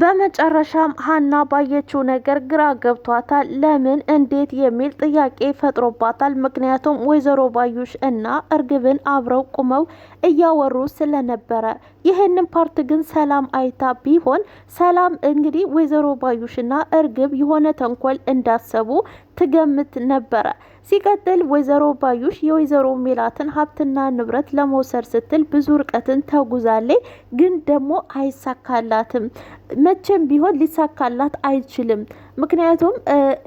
በመጨረሻም ሀና ባየችው ነገር ግራ ገብቷታል። ለምን እንዴት የሚል ጥያቄ ፈጥሮባታል። ምክንያቱም ወይዘሮ ባዩሽ እና እርግብን አብረው ቁመው እያወሩ ስለነበረ ይህንን ፓርት ግን ሰላም አይታ ቢሆን ሰላም እንግዲህ ወይዘሮ ባዩሽና እርግብ የሆነ ተንኮል እንዳሰቡ ትገምት ነበረ። ሲቀጥል ወይዘሮ ባዩሽ የወይዘሮ ሜላትን ሀብትና ንብረት ለመውሰድ ስትል ብዙ ርቀትን ተጉዛለች፣ ግን ደግሞ አይሳካላትም። መቼም ቢሆን ሊሳካላት አይችልም። ምክንያቱም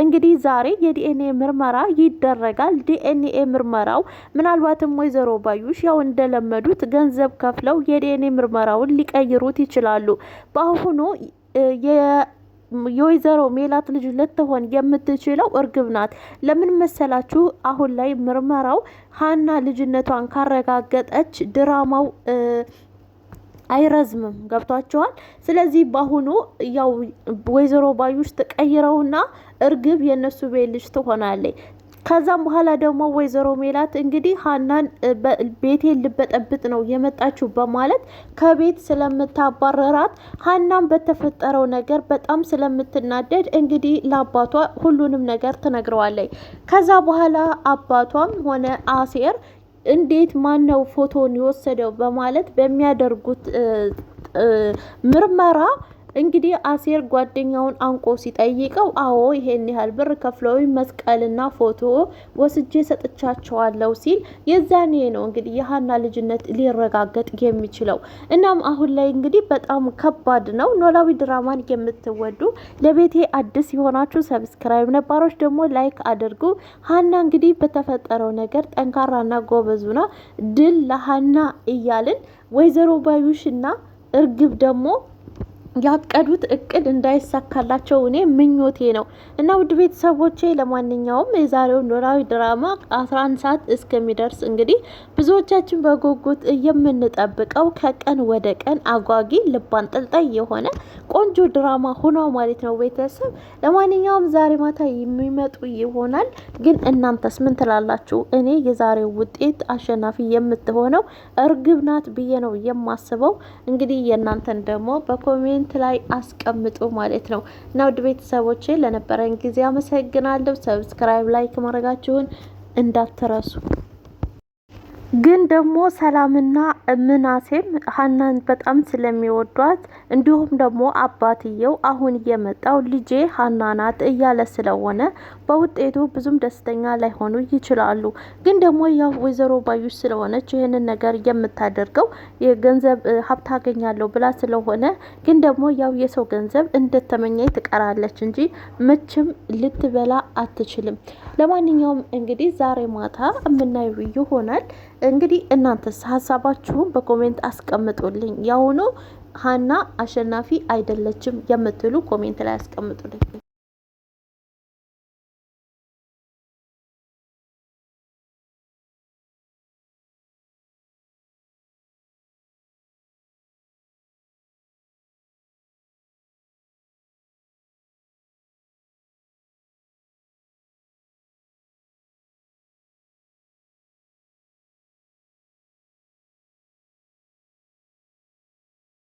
እንግዲህ ዛሬ የዲኤንኤ ምርመራ ይደረጋል። ዲኤንኤ ምርመራው ምናልባትም ወይዘሮ ባዩሽ ያው እንደለመዱት ገንዘብ ከፍለው የዲኤንኤ ምርመራውን ሊቀይሩት ይችላሉ። በአሁኑ የወይዘሮ ሜላት ልጅ ልትሆን የምትችለው እርግብ ናት። ለምን መሰላችሁ? አሁን ላይ ምርመራው ሀና ልጅነቷን ካረጋገጠች ድራማው አይረዝምም። ገብቷቸዋል። ስለዚህ በአሁኑ ያው ወይዘሮ ባዩሽ ተቀይረውና እርግብ የእነሱ ቤት ልጅ ትሆናለች። ከዛም በኋላ ደግሞ ወይዘሮ ሜላት እንግዲህ ሀናን ቤቴ ልበጠብጥ ነው የመጣችው በማለት ከቤት ስለምታባረራት ሀናን በተፈጠረው ነገር በጣም ስለምትናደድ እንግዲህ ለአባቷ ሁሉንም ነገር ትነግረዋለች። ከዛ በኋላ አባቷም ሆነ አሴር እንዴት ማነው ፎቶን የወሰደው በማለት በሚያደርጉት ምርመራ እንግዲህ አሴር ጓደኛውን አንቆ ሲጠይቀው አዎ ይሄን ያህል ብር ከፍለው መስቀልና ፎቶ ወስጄ ሰጥቻቸዋለሁ ሲል የዛኔ ነው እንግዲህ የሀና ልጅነት ሊረጋገጥ የሚችለው። እናም አሁን ላይ እንግዲህ በጣም ከባድ ነው። ኖላዊ ድራማን የምትወዱ ለቤቴ አዲስ የሆናችሁ ሰብስክራይብ፣ ነባሮች ደግሞ ላይክ አድርጉ። ሀና እንግዲህ በተፈጠረው ነገር ጠንካራና ጎበዙና ድል ለሀና እያልን ወይዘሮ ባዩሽና እርግብ ደግሞ ያቀዱት እቅድ እንዳይሳካላቸው እኔ ምኞቴ ነው። እና ውድ ቤተሰቦቼ ለማንኛውም የዛሬው ኖላዊ ድራማ 11 ሰዓት እስከሚደርስ እንግዲህ ብዙዎቻችን በጉጉት የምንጠብቀው ከቀን ወደ ቀን አጓጊ ልብ አንጠልጣይ የሆነ ቆንጆ ድራማ ሆኖ ማለት ነው ቤተሰብ። ለማንኛውም ዛሬ ማታ የሚመጡ ይሆናል። ግን እናንተስ ምን ትላላችሁ? እኔ የዛሬው ውጤት አሸናፊ የምትሆነው እርግብ ናት ብዬ ነው የማስበው። እንግዲህ የእናንተን ደግሞ በኮሜንት ኮሜንት ላይ አስቀምጡ ማለት ነው። እና ውድ ቤተሰቦቼ ለነበረን ጊዜ አመሰግናለሁ። ሰብስክራይብ፣ ላይክ ማድረጋችሁን እንዳትረሱ። ግን ደግሞ ሰላምና ምናሴም ሀናን በጣም ስለሚወዷት እንዲሁም ደግሞ አባትየው አሁን እየመጣው ልጄ ሀና ናት እያለ ስለሆነ በውጤቱ ብዙም ደስተኛ ላይሆኑ ይችላሉ። ግን ደግሞ ያው ወይዘሮ ባዩሽ ስለሆነች ይህንን ነገር የምታደርገው የገንዘብ ሀብት አገኛለሁ ብላ ስለሆነ፣ ግን ደግሞ ያው የሰው ገንዘብ እንደተመኘ ትቀራለች እንጂ መቼም ልትበላ አትችልም። ለማንኛውም እንግዲህ ዛሬ ማታ የምናየው ይሆናል። እንግዲህ እናንተስ ሀሳባችሁን በኮሜንት አስቀምጡልኝ። ያሁኑ ሀና አሸናፊ አይደለችም የምትሉ ኮሜንት ላይ አስቀምጡልኝ።